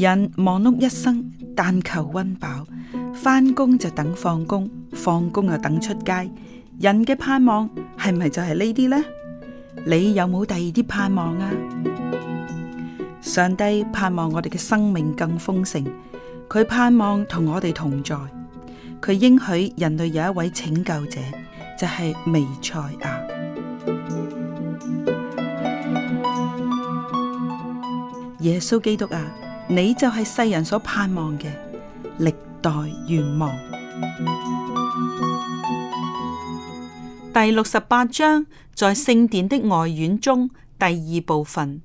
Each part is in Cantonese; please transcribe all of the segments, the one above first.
人忙碌一生，但求溫飽，翻工就等放工，放工又等出街。人嘅盼望係咪就係呢啲呢？你有冇第二啲盼望啊？上帝盼望我哋嘅生命更豐盛，佢盼望同我哋同在，佢應許人類有一位拯救者，就係彌賽亞，耶穌基督啊！你就係世人所盼望嘅歷代願望。第六十八章，在聖殿的外院中第二部分，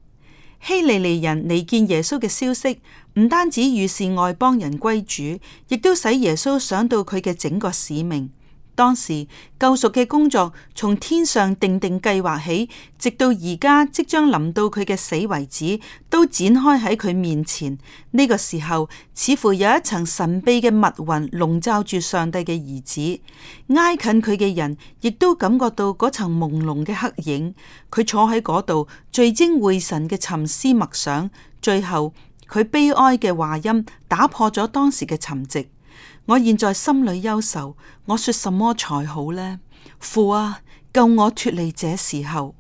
希利尼人嚟見耶穌嘅消息，唔單止預示外邦人歸主，亦都使耶穌想到佢嘅整個使命。當時救贖嘅工作，從天上定定計劃起，直到而家即將臨到佢嘅死為止，都展開喺佢面前。呢個時候，似乎有一層神秘嘅密雲籠罩住上帝嘅兒子。挨近佢嘅人，亦都感覺到嗰層朦朧嘅黑影。佢坐喺嗰度，聚精會神嘅沉思默想。最後，佢悲哀嘅話音打破咗當時嘅沉寂。我現在心裏憂愁，我說什麼才好呢？父啊，救我脱離這時候！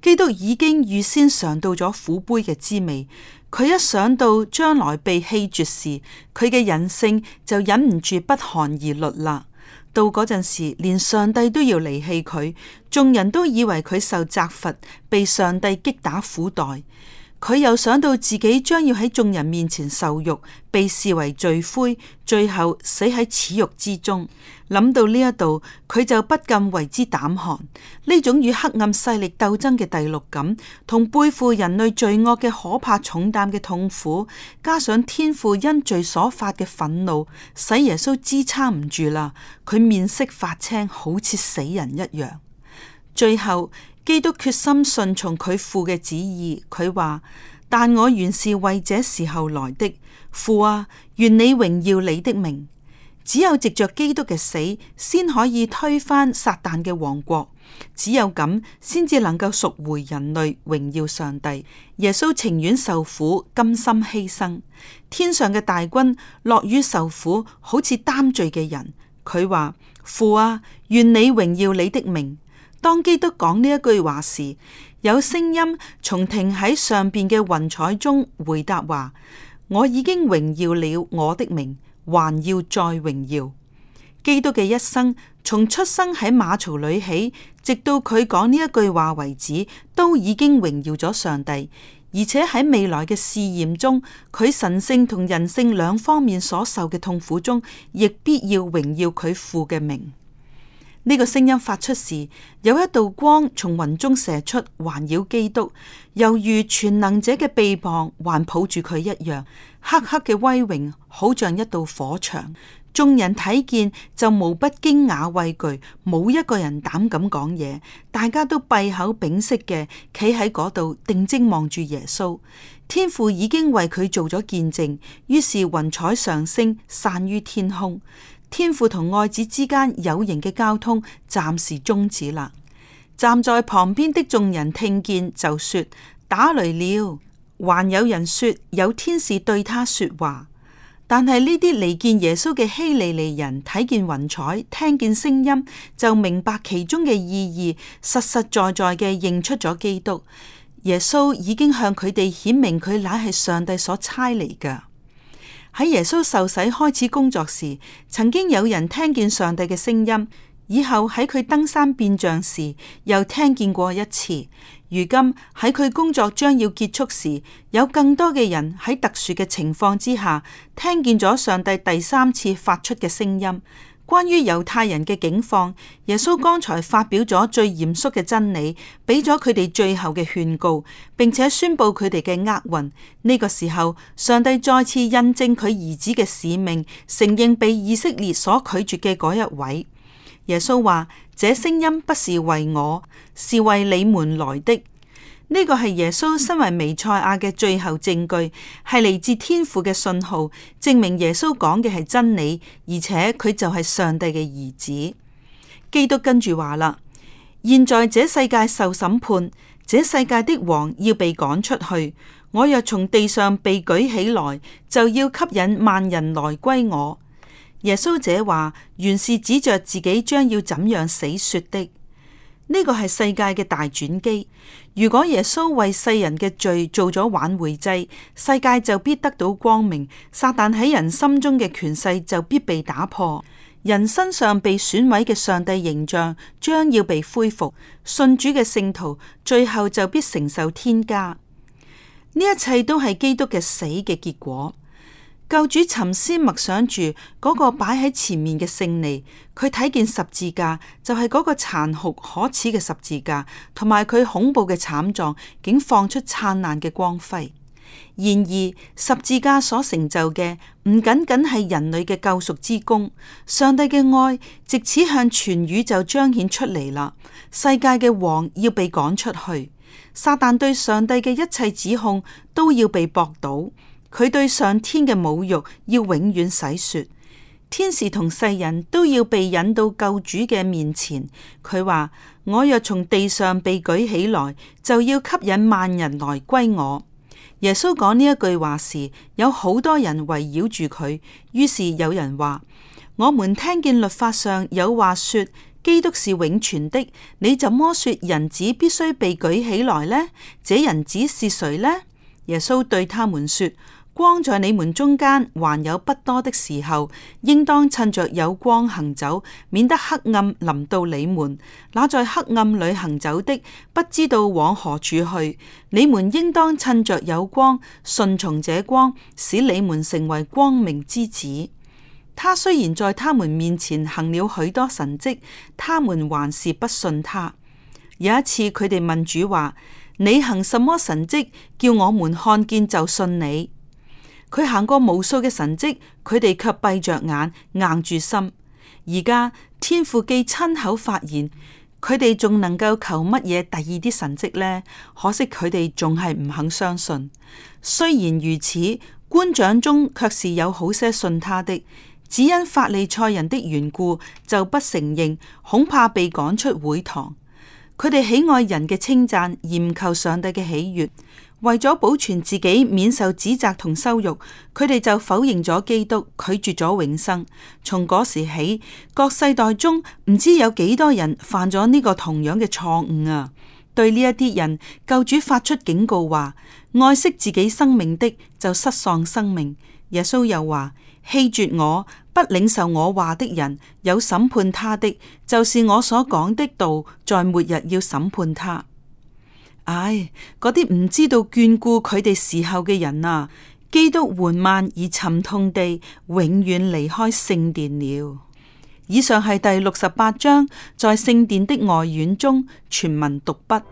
基督已經預先嘗到咗苦杯嘅滋味，佢一想到將來被棄絕時，佢嘅人性就忍唔住不寒而栗啦。到嗰陣時，連上帝都要離棄佢，眾人都以為佢受責罰，被上帝擊打苦待。佢又想到自己將要喺眾人面前受辱，被視為罪魁，最後死喺恥辱之中。諗到呢一度，佢就不禁為之膽寒。呢種與黑暗勢力鬥爭嘅第六感，同背負人類罪惡嘅可怕重擔嘅痛苦，加上天父因罪所發嘅憤怒，使耶穌支撐唔住啦。佢面色發青，好似死人一樣。最後。基督決心順從佢父嘅旨意，佢話：但我原是為這時候來的，父啊，願你榮耀你的名。只有藉着基督嘅死，先可以推翻撒旦嘅王國，只有咁先至能夠贖回人類，榮耀上帝。耶穌情願受苦，甘心犧牲。天上嘅大軍樂於受苦，好似擔罪嘅人。佢話：父啊，願你榮耀你的名。」當基督講呢一句話時，有聲音從停喺上邊嘅雲彩中回答話：我已經榮耀了我的名，還要再榮耀。基督嘅一生，從出生喺馬槽裏起，直到佢講呢一句話為止，都已經榮耀咗上帝，而且喺未來嘅試驗中，佢神性同人性兩方面所受嘅痛苦中，亦必要榮耀佢父嘅名。呢個聲音發出時，有一道光從雲中射出，環繞基督，猶如全能者嘅臂膀，環抱住佢一樣。黑黑嘅威榮，好像一道火牆。眾人睇見就無不驚訝畏懼，冇一個人膽敢講嘢，大家都閉口屏息嘅，企喺嗰度定睛望住耶穌。天父已經為佢做咗見證，於是雲彩上升，散於天空。天父同愛子之間有形嘅交通暫時終止啦。站在旁邊的眾人聽見就說打雷了，還有人說有天使對他說話。但係呢啲嚟見耶穌嘅希利尼人睇見雲彩，聽見聲音就明白其中嘅意義，實實在在嘅認出咗基督。耶穌已經向佢哋顯明佢乃係上帝所差嚟噶。喺耶穌受洗開始工作時，曾經有人聽見上帝嘅聲音；以後喺佢登山變像時，又聽見過一次。如今喺佢工作將要結束時，有更多嘅人喺特殊嘅情況之下，聽見咗上帝第三次發出嘅聲音。關於猶太人嘅境況，耶穌剛才發表咗最嚴肅嘅真理，俾咗佢哋最後嘅勸告，並且宣布佢哋嘅厄運。呢個時候，上帝再次印證佢兒子嘅使命，承認被以色列所拒絕嘅嗰一位。耶穌話：這聲音不是為我，是為你們來的。呢個係耶穌身為彌賽亞嘅最後證據，係嚟自天父嘅信號，證明耶穌講嘅係真理，而且佢就係上帝嘅兒子。基督跟住話啦：現在這世界受審判，這世界的王要被趕出去，我若從地上被舉起來，就要吸引萬人來歸我。耶穌這話原是指着自己將要怎樣死說的。呢、這個係世界嘅大轉機。如果耶穌為世人嘅罪做咗挽回祭，世界就必得到光明，撒旦喺人心中嘅權勢就必被打破，人身上被損毀嘅上帝形象將要被恢復，信主嘅聖徒最後就必承受天家。呢一切都係基督嘅死嘅結果。救主沉思默想住嗰、那個擺喺前面嘅勝利，佢睇見十字架就係、是、嗰個殘酷可恥嘅十字架，同埋佢恐怖嘅慘狀，竟放出燦爛嘅光輝。然而十字架所成就嘅唔僅僅係人類嘅救贖之功，上帝嘅愛藉此向全宇宙彰顯出嚟啦。世界嘅王要被趕出去，撒旦對上帝嘅一切指控都要被駁倒。佢對上天嘅侮辱要永遠洗雪，天使同世人都要被引到救主嘅面前。佢話：我若從地上被舉起來，就要吸引萬人來歸我。耶穌講呢一句話時，有好多人圍繞住佢。於是有人話：我們聽見律法上有話說基督是永存的，你怎麼說人子必須被舉起來呢？這人子是誰呢？耶穌對他們說，光在你們中間還有不多的時候，應當趁着有光行走，免得黑暗臨到你們。那在黑暗裏行走的，不知道往何處去。你們應當趁着有光，順從這光，使你們成為光明之子。他雖然在他們面前行了許多神跡，他們還是不信他。有一次，佢哋問主話：你行什麼神跡，叫我們看見就信你？.佢行過無數嘅神蹟，佢哋卻閉着眼，硬住心。而家天父既親口發言，佢哋仲能夠求乜嘢第二啲神蹟呢？可惜佢哋仲係唔肯相信。雖然如此，官長中卻是有好些信他的，只因法利賽人的緣故，就不承認，恐怕被趕出會堂。佢哋喜愛人嘅稱讚，而不求上帝嘅喜悅。為咗保存自己免受指責同羞辱，佢哋就否認咗基督，拒絕咗永生。從嗰時起，各世代中唔知有幾多人犯咗呢個同樣嘅錯誤啊！對呢一啲人，救主發出警告話：愛惜自己生命的就失喪生命。耶穌又話：棄絕我不領受我話的人，有審判他的，就是我所講的道，在末日要審判他。唉，嗰啲唔知道眷顧佢哋時候嘅人啊！基督緩慢而沉痛地永遠離開聖殿了。以上係第六十八章，在聖殿的外院中，全文讀畢。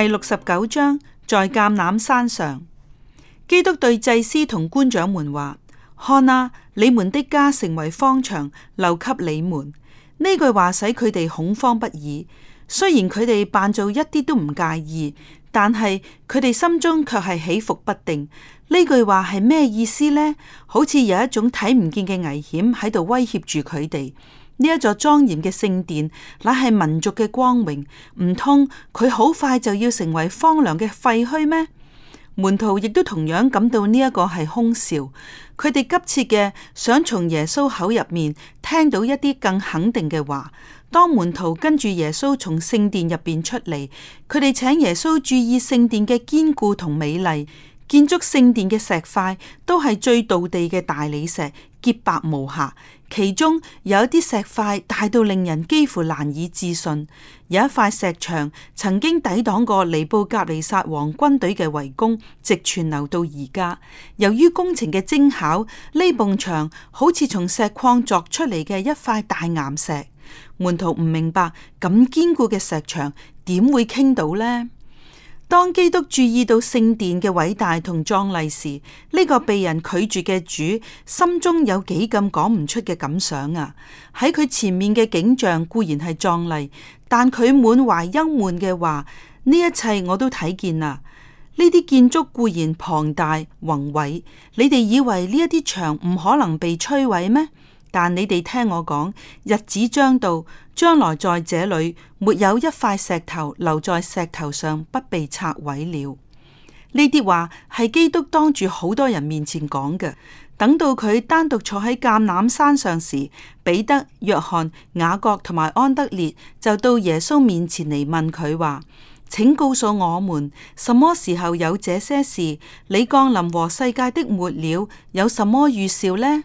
第六十九章，在橄欖山上，基督對祭司同官長們話：看啊，你們的家成為荒場，留給你們。呢句話使佢哋恐慌不已。雖然佢哋扮做一啲都唔介意，但係佢哋心中卻係起伏不定。呢句話係咩意思呢？好似有一種睇唔見嘅危險喺度威脅住佢哋。呢一座莊嚴嘅聖殿，乃係民族嘅光榮，唔通佢好快就要成為荒涼嘅廢墟咩？門徒亦都同樣感到呢一個係空笑，佢哋急切嘅想從耶穌口入面聽到一啲更肯定嘅話。當門徒跟住耶穌從聖殿入邊出嚟，佢哋請耶穌注意聖殿嘅堅固同美麗，建築聖殿嘅石塊都係最道地嘅大理石，潔白無瑕，其中有啲石塊大到令人幾乎難以置信。有一塊石牆曾經抵擋過尼布甲尼撒王軍隊嘅圍攻，直傳流到而家。由於工程嘅精巧，呢埲牆好似從石礦鑿出嚟嘅一塊大岩石。門徒唔明白咁堅固嘅石牆點會傾倒呢？當基督注意到聖殿嘅偉大同壯麗時，呢個被人拒絕嘅主心中有幾咁講唔出嘅感想啊！喺佢前面嘅景象固然係壯麗，但佢滿懷憂悶嘅話，呢一切我都睇見啦。呢啲建築固然龐大宏偉，你哋以為呢一啲牆唔可能被摧毀咩？但你哋聽我講，日子將到，將來在這裏，沒有一塊石頭留在石頭上，不被拆毀了。呢啲話係基督當住好多人面前講嘅。等到佢單獨坐喺橄欖山上時，彼得、約翰、雅各同埋安德烈就到耶穌面前嚟問佢話：請告訴我們，什麼時候有這些事？你降臨和世界的末了，有什麼預兆呢？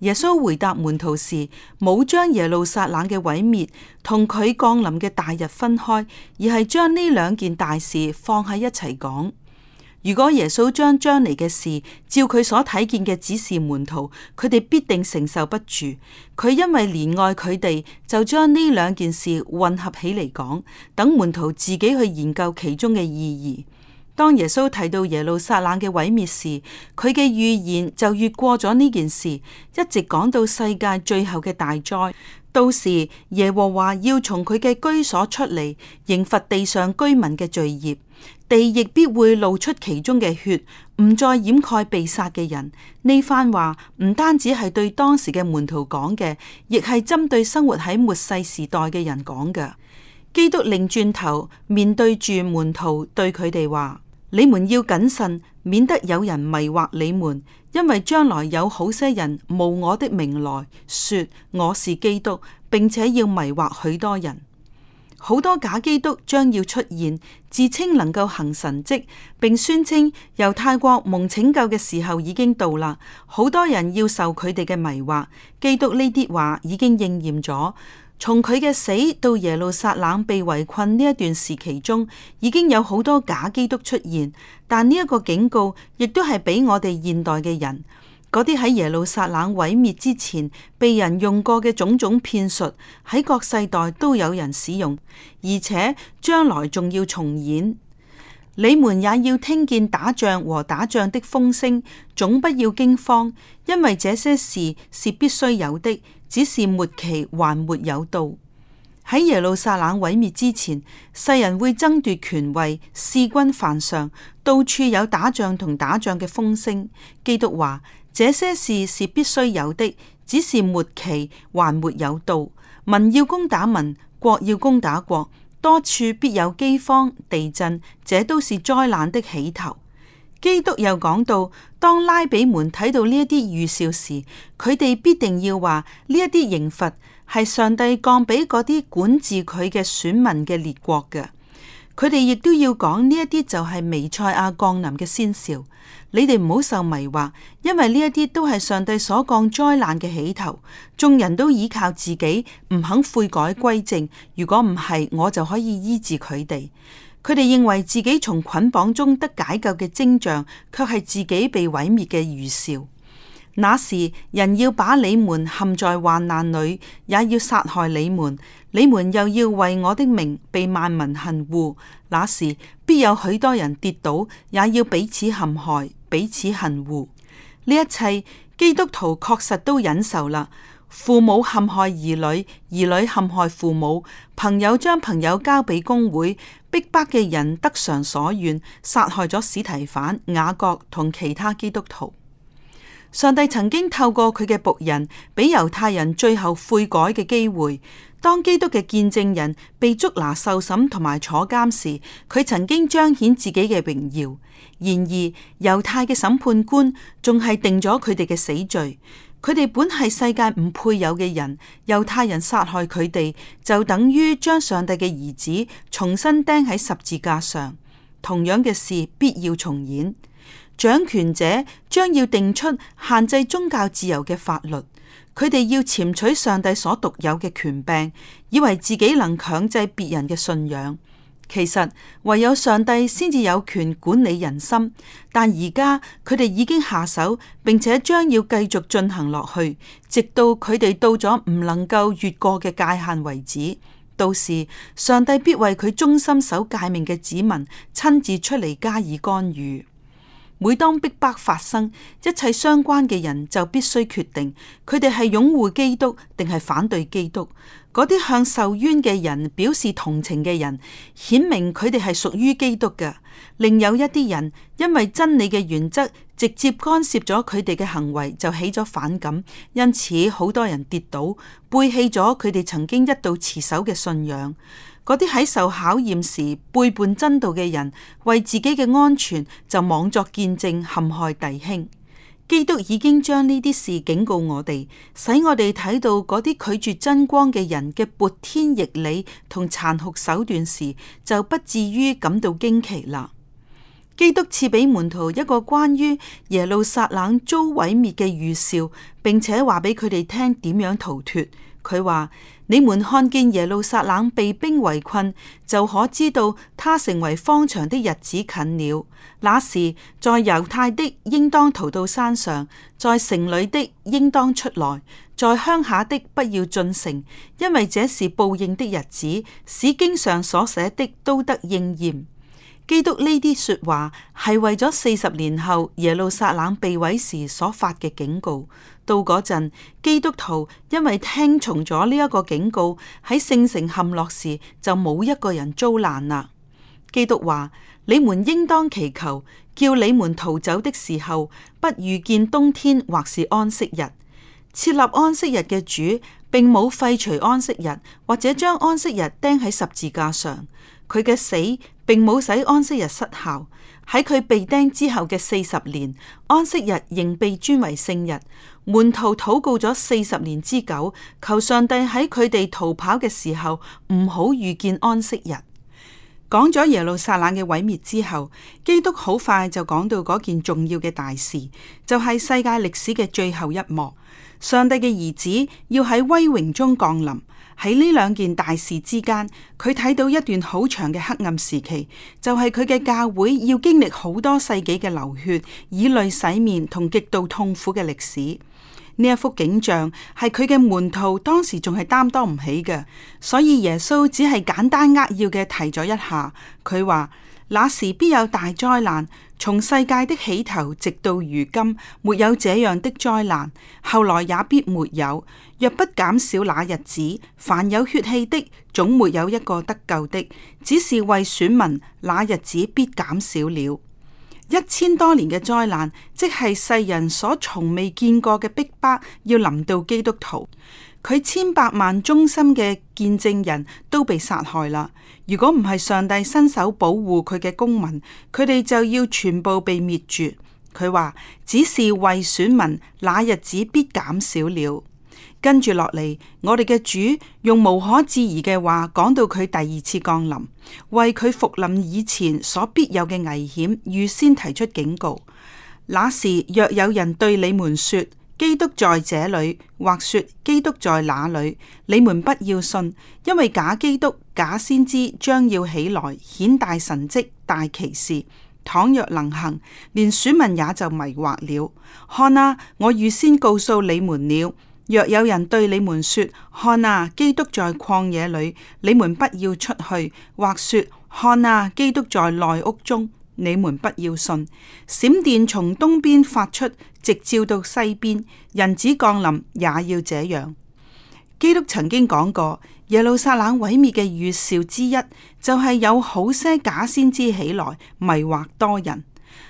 耶穌回答門徒時，冇將耶路撒冷嘅毀滅同佢降臨嘅大日分開，而係將呢兩件大事放喺一齊講。如果耶穌將將來嘅事照佢所睇見嘅指示門徒，佢哋必定承受不住。佢因為憐愛佢哋，就將呢兩件事混合起嚟講，等門徒自己去研究其中嘅意義。當耶穌提到耶路撒冷嘅毀滅時，佢嘅預言就越過咗呢件事，一直講到世界最後嘅大災。到時耶和華要從佢嘅居所出嚟，刑罰地上居民嘅罪孽。地亦必會露出其中嘅血，唔再掩蓋被殺嘅人。呢番話唔單止係對當時嘅門徒講嘅，亦係針對生活喺末世時代嘅人講嘅。基督擰轉頭，面對住門徒對，對佢哋話。你們要謹慎，免得有人迷惑你們，因為將來有好些人冒我的名來說我是基督，並且要迷惑許多人。好多假基督將要出現，自稱能夠行神蹟，並宣稱由天國蒙拯救嘅時候已經到啦。好多人要受佢哋嘅迷惑。基督呢啲話已經應驗咗。從佢嘅死到耶路撒冷被圍困呢一段時期中，已經有好多假基督出現，但呢一個警告亦都係俾我哋現代嘅人，嗰啲喺耶路撒冷毀滅之前被人用過嘅種種騙術，喺各世代都有人使用，而且將來仲要重演。你們也要聽見打仗和打仗的風聲，總不要驚慌，因為這些事是必須有的。只是末期還沒有到，喺耶路撒冷毀滅之前，世人會爭奪權位，弑君犯上，到處有打仗同打仗嘅風聲。基督話：這些事是必須有的，只是末期還沒有到。民要攻打民，國要攻打國，多處必有饑荒、地震，這都是災難的起頭。基督又講到，當拉比們睇到呢一啲預兆時，佢哋必定要話呢一啲刑罰係上帝降俾嗰啲管治佢嘅選民嘅列國嘅。佢哋亦都要講呢一啲就係彌賽亞降臨嘅先兆。你哋唔好受迷惑，因為呢一啲都係上帝所降災難嘅起頭。眾人都倚靠自己，唔肯悔改歸正。如果唔係，我就可以醫治佢哋。佢哋認為自己從捆綁中得解救嘅徵象，却係自己被毀滅嘅預兆。那時人要把你們陷在患難裏，也要殺害你們，你們又要為我的名被萬民恨惡。那時必有許多人跌倒，也要彼此陷害，彼此恨惡。呢一切基督徒確實都忍受啦。父母陷害兒女，兒女陷害父母；朋友將朋友交俾公會，逼迫嘅人得償所願，殺害咗史提反、雅各同其他基督徒。上帝曾經透過佢嘅僕人俾猶太人最後悔改嘅機會。當基督嘅見證人被捉拿受審同埋坐監時，佢曾經彰顯自己嘅榮耀。然而猶太嘅審判官仲係定咗佢哋嘅死罪。佢哋本係世界唔配有嘅人，猶太人殺害佢哋，就等於將上帝嘅兒子重新釘喺十字架上。同樣嘅事必要重演。掌權者將要定出限制宗教自由嘅法律，佢哋要僭取上帝所獨有嘅權柄，以為自己能強制別人嘅信仰。其實唯有上帝先至有權管理人心，但而家佢哋已經下手，並且將要繼續進行落去，直到佢哋到咗唔能夠越過嘅界限為止。到時上帝必為佢忠心守誡命嘅子民親自出嚟，加以干預。每當逼迫發生，一切相關嘅人就必須決定佢哋係擁護基督定係反對基督。嗰啲向受冤嘅人表示同情嘅人，顯明佢哋係屬於基督嘅；另有一啲人，因為真理嘅原則直接干涉咗佢哋嘅行為，就起咗反感，因此好多人跌倒，背棄咗佢哋曾經一度持守嘅信仰。嗰啲喺受考驗時背叛真道嘅人，為自己嘅安全就妄作見證，陷害弟兄。基督已經將呢啲事警告我哋，使我哋睇到嗰啲拒絕真光嘅人嘅撥天逆理同殘酷手段時，就不至於感到驚奇啦。基督賜俾門徒一個關於耶路撒冷遭毀滅嘅預兆，並且話俾佢哋聽點樣逃脫。佢話：你們看見耶路撒冷被兵圍困，就可知道他成為荒場的日子近了。那時，在猶太的應當逃到山上，在城裏的應當出來，在鄉下的不要進城，因為這是報應的日子，使經上所寫的都得應驗。基督呢啲說話係為咗四十年後耶路撒冷被毀時所發嘅警告。到嗰陣，基督徒因為聽從咗呢一個警告，喺聖城陷落時就冇一個人遭難啦。基督話。你們應當祈求，叫你們逃走的時候，不遇見冬天，或是安息日。設立安息日嘅主，並冇廢除安息日，或者將安息日釘喺十字架上。佢嘅死，並冇使安息日失效。喺佢被釘之後嘅四十年，安息日仍被尊為聖日。門徒禱告咗四十年之久，求上帝喺佢哋逃跑嘅時候，唔好遇見安息日。講咗耶路撒冷嘅毀滅之後，基督好快就講到嗰件重要嘅大事，就係世界歷史嘅最後一幕。上帝嘅兒子要喺威榮中降臨。喺呢兩件大事之間，佢睇到一段好長嘅黑暗時期，就係佢嘅教會要經歷好多世紀嘅流血、以淚洗面同極度痛苦嘅歷史。呢一幅景象係佢嘅門徒當時仲係擔當唔起嘅，所以耶穌只係簡單扼要嘅提咗一下。佢話，那時必有大災難，從世界的起頭直到如今，沒有這樣的災難，後來也必沒有。若不減少那日子，凡有血氣的總沒有一個得救的，只是為選民，那日子必減少了。一千多年嘅災難，即係世人所從未見過嘅逼迫，要臨到基督徒。佢千百萬忠心嘅見證人都被殺害啦。如果唔係上帝伸手保護佢嘅公民，佢哋就要全部被滅絕。佢話，只是為選民，那日子必減少了。跟住落嚟，我哋嘅主用無可置疑嘅話講到佢第二次降臨，為佢復臨以前所必有嘅危險預先提出警告。那時若有人對你們說基督在這裏，或說基督在哪裏，你們不要信，因為假基督、假先知將要起來顯大神蹟大奇事。倘若能行，連選民也就迷惑了。看啊，我預先告訴你們了。若有人對你們說：看啊，基督在曠野裏，你們不要出去；或說：看啊，基督在內屋中，你們不要信。閃電從東邊發出，直照到西邊。人子降臨也要這樣。基督曾經講過，耶路撒冷毀滅嘅預兆之一，就係有好些假先知起來迷惑多人。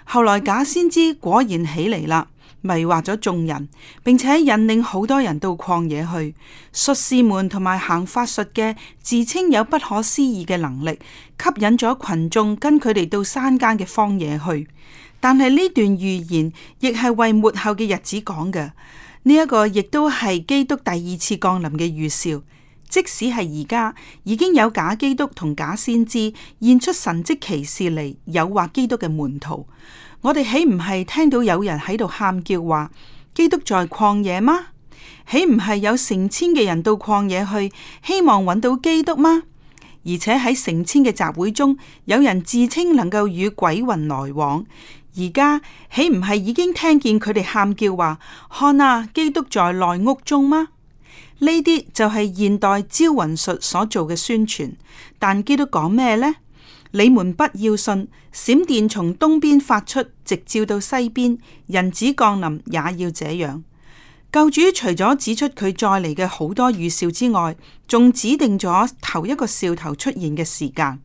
後來假先知果然起嚟啦，迷惑咗眾人，並且引領好多人到曠野去。術士們同埋行法術嘅自稱有不可思議嘅能力，吸引咗群眾跟佢哋到山間嘅荒野去。但係呢段預言亦係為末後嘅日子講嘅，呢、這、一個亦都係基督第二次降臨嘅預兆。即使係而家，已經有假基督同假先知現出神跡奇事嚟，誘惑基督嘅門徒。我哋豈唔係聽到有人喺度喊叫話基督在曠野嗎？豈唔係有成千嘅人到曠野去，希望揾到基督嗎？而且喺成千嘅集會中，有人自稱能夠與鬼魂來往。而家豈唔係已經聽見佢哋喊叫話，看啊，基督在內屋中嗎？呢啲就係現代招魂術所做嘅宣傳，但基督講咩呢？你們不要信，閃電從東邊發出，直照到西邊，人子降臨也要這樣。救主除咗指出佢再嚟嘅好多預兆之外，仲指定咗頭一個兆頭出現嘅時間。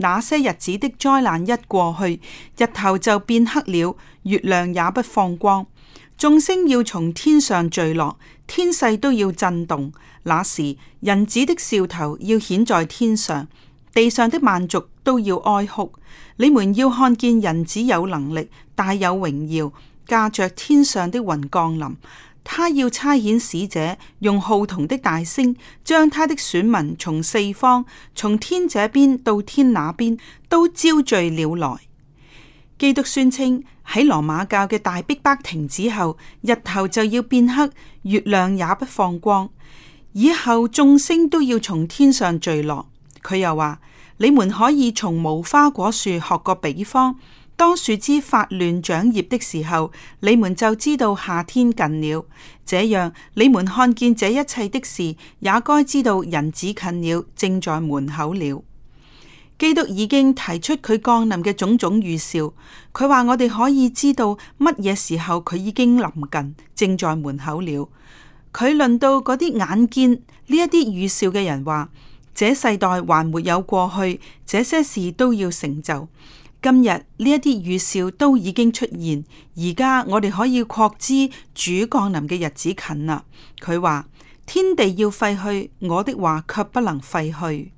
那些日子的災難一過去，日頭就變黑了，月亮也不放光，眾星要從天上墜落。天勢都要震動，那時人子的笑頭要顯在天上，地上的萬族都要哀哭。你們要看見人子有能力，大有榮耀，駕着天上的雲降臨。他要差遣使者，用號筒的大聲，將他的選民從四方，從天這邊到天那邊，都招聚了來。基督宣稱喺羅馬教嘅大逼迫停止後，日頭就要變黑，月亮也不放光，以後眾星都要從天上墜落。佢又話：你們可以從無花果樹學個比方，當樹枝發亂長葉的時候，你們就知道夏天近了。這樣你們看見這一切的事，也該知道人子近了，正在門口了。基督已經提出佢降臨嘅種種預兆，佢話我哋可以知道乜嘢時候佢已經臨近，正在門口了。佢論到嗰啲眼見呢一啲預兆嘅人話，這世代還沒有過去，這些事都要成就。今日呢一啲預兆都已經出現，而家我哋可以確知主降臨嘅日子近啦。佢話天地要廢去，我的話卻不能廢去。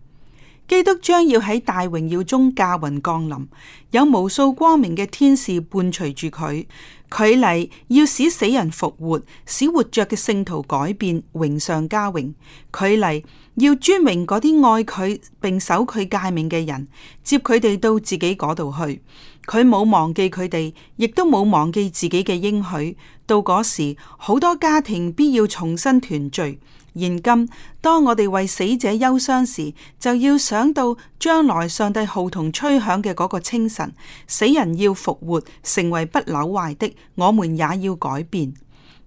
基督將要喺大榮耀中駕雲降臨，有無數光明嘅天使伴隨住佢。佢嚟要使死人復活，使活着嘅聖徒改變，榮上加榮。佢嚟要尊榮嗰啲愛佢並守佢誡命嘅人，接佢哋到自己嗰度去。佢冇忘記佢哋，亦都冇忘記自己嘅應許。到嗰時，好多家庭必要重新團聚。現今，當我哋為死者憂傷時，就要想到將來上帝號筒吹響嘅嗰個清晨，死人要復活成為不朽壞的，我們也要改變。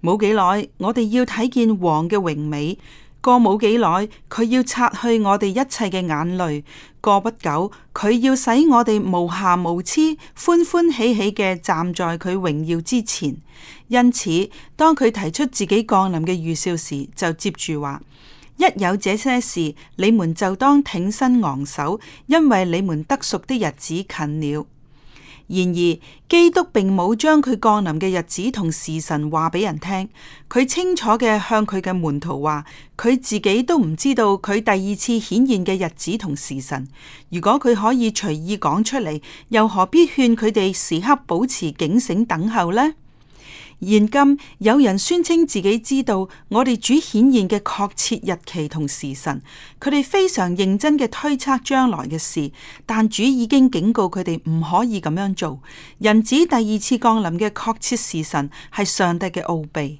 冇幾耐，我哋要睇見王嘅榮美；過冇幾耐，佢要擦去我哋一切嘅眼淚；過不久，佢要使我哋無瑕無疵、歡歡喜喜嘅站在佢榮耀之前。因此，當佢提出自己降臨嘅預兆時，就接住話：一有這些事，你們就當挺身昂首，因為你們得贖的日子近了。然而，基督並冇將佢降臨嘅日子同時辰話俾人聽。佢清楚嘅向佢嘅門徒話：佢自己都唔知道佢第二次顯現嘅日子同時辰。如果佢可以隨意講出嚟，又何必勸佢哋時刻保持警醒等候呢？現今有人宣稱自己知道我哋主顯現嘅確切日期同時辰，佢哋非常認真嘅推測將來嘅事，但主已經警告佢哋唔可以咁樣做。人子第二次降臨嘅確切時辰係上帝嘅奧秘。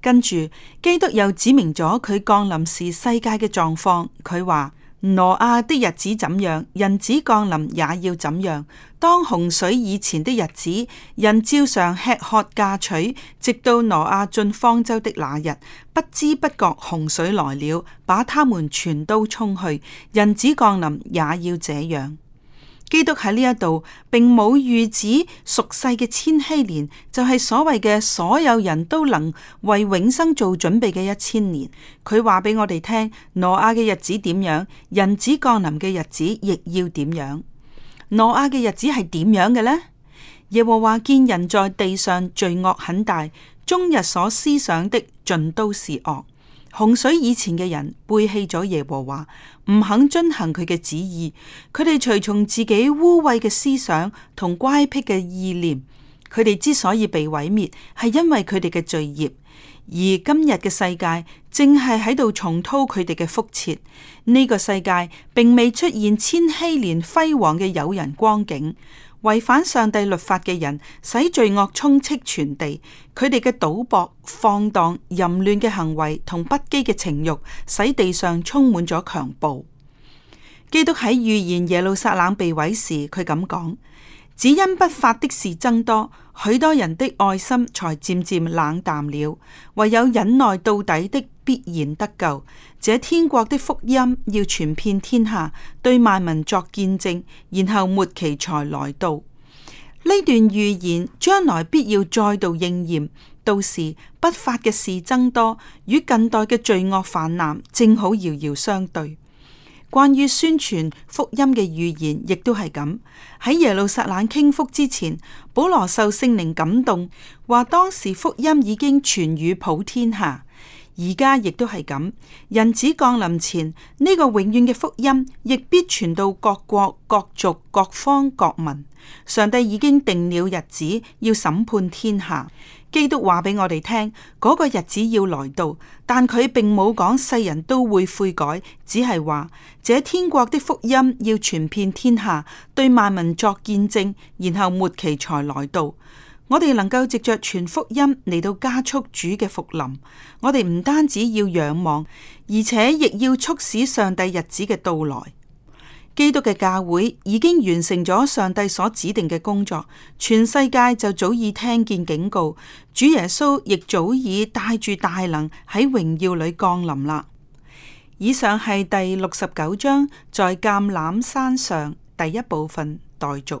跟住基督又指明咗佢降臨時世界嘅狀況，佢話。挪亞的日子怎樣，人子降臨也要怎樣。當洪水以前的日子，人照常吃喝嫁娶，直到挪亞進方舟的那日，不知不覺洪水來了，把他們全都沖去。人子降臨也要這樣。基督喺呢一度，並冇預指俗世嘅千禧年，就係、是、所謂嘅所有人都能為永生做準備嘅一千年。佢話俾我哋聽，挪亞嘅日子點樣，人子降臨嘅日子亦要點樣。挪亞嘅日子係點樣嘅呢？耶和華見人在地上罪惡很大，終日所思想的盡都是惡。洪水以前嘅人背棄咗耶和華，唔肯遵行佢嘅旨意，佢哋隨從自己污穢嘅思想同乖僻嘅意念。佢哋之所以被毀滅，係因為佢哋嘅罪孽。而今日嘅世界正係喺度重蹈佢哋嘅覆轍。呢、這個世界並未出現千禧年輝煌嘅友人光景。違反上帝律法嘅人，使罪惡充斥全地；佢哋嘅賭博、放蕩、淫亂嘅行為同不羈嘅情慾，使地上充滿咗強暴。基督喺預言耶路撒冷被毀時，佢咁講：只因不法的事增多。許多人的愛心才漸漸冷淡了，唯有忍耐到底的必然得救。這天國的福音要傳遍天下，對萬民作見證，然後末期才來到。呢段預言將來必要再度應驗，到時不法嘅事增多，與近代嘅罪惡泛濫正好遙遙相對。關於宣傳福音嘅預言，亦都係咁。喺耶路撒冷傾覆之前，保羅受聖靈感動，話當時福音已經傳與普天下，而家亦都係咁。人子降臨前，呢、這個永遠嘅福音亦必傳到各國、各族、各方、各民。上帝已經定了日子，要審判天下。基督話俾我哋聽，嗰、那個日子要來到，但佢並冇講世人都會悔改，只係話這天國的福音要傳遍天下，對萬民作見證，然後末期才來到。我哋能夠藉着傳福音嚟到加速主嘅復臨，我哋唔單止要仰望，而且亦要促使上帝日子嘅到來。基督嘅教會已經完成咗上帝所指定嘅工作，全世界就早已聽見警告，主耶穌亦早已帶住大能喺榮耀裏降臨啦。以上係第六十九章在橄欖山上第一部分待續。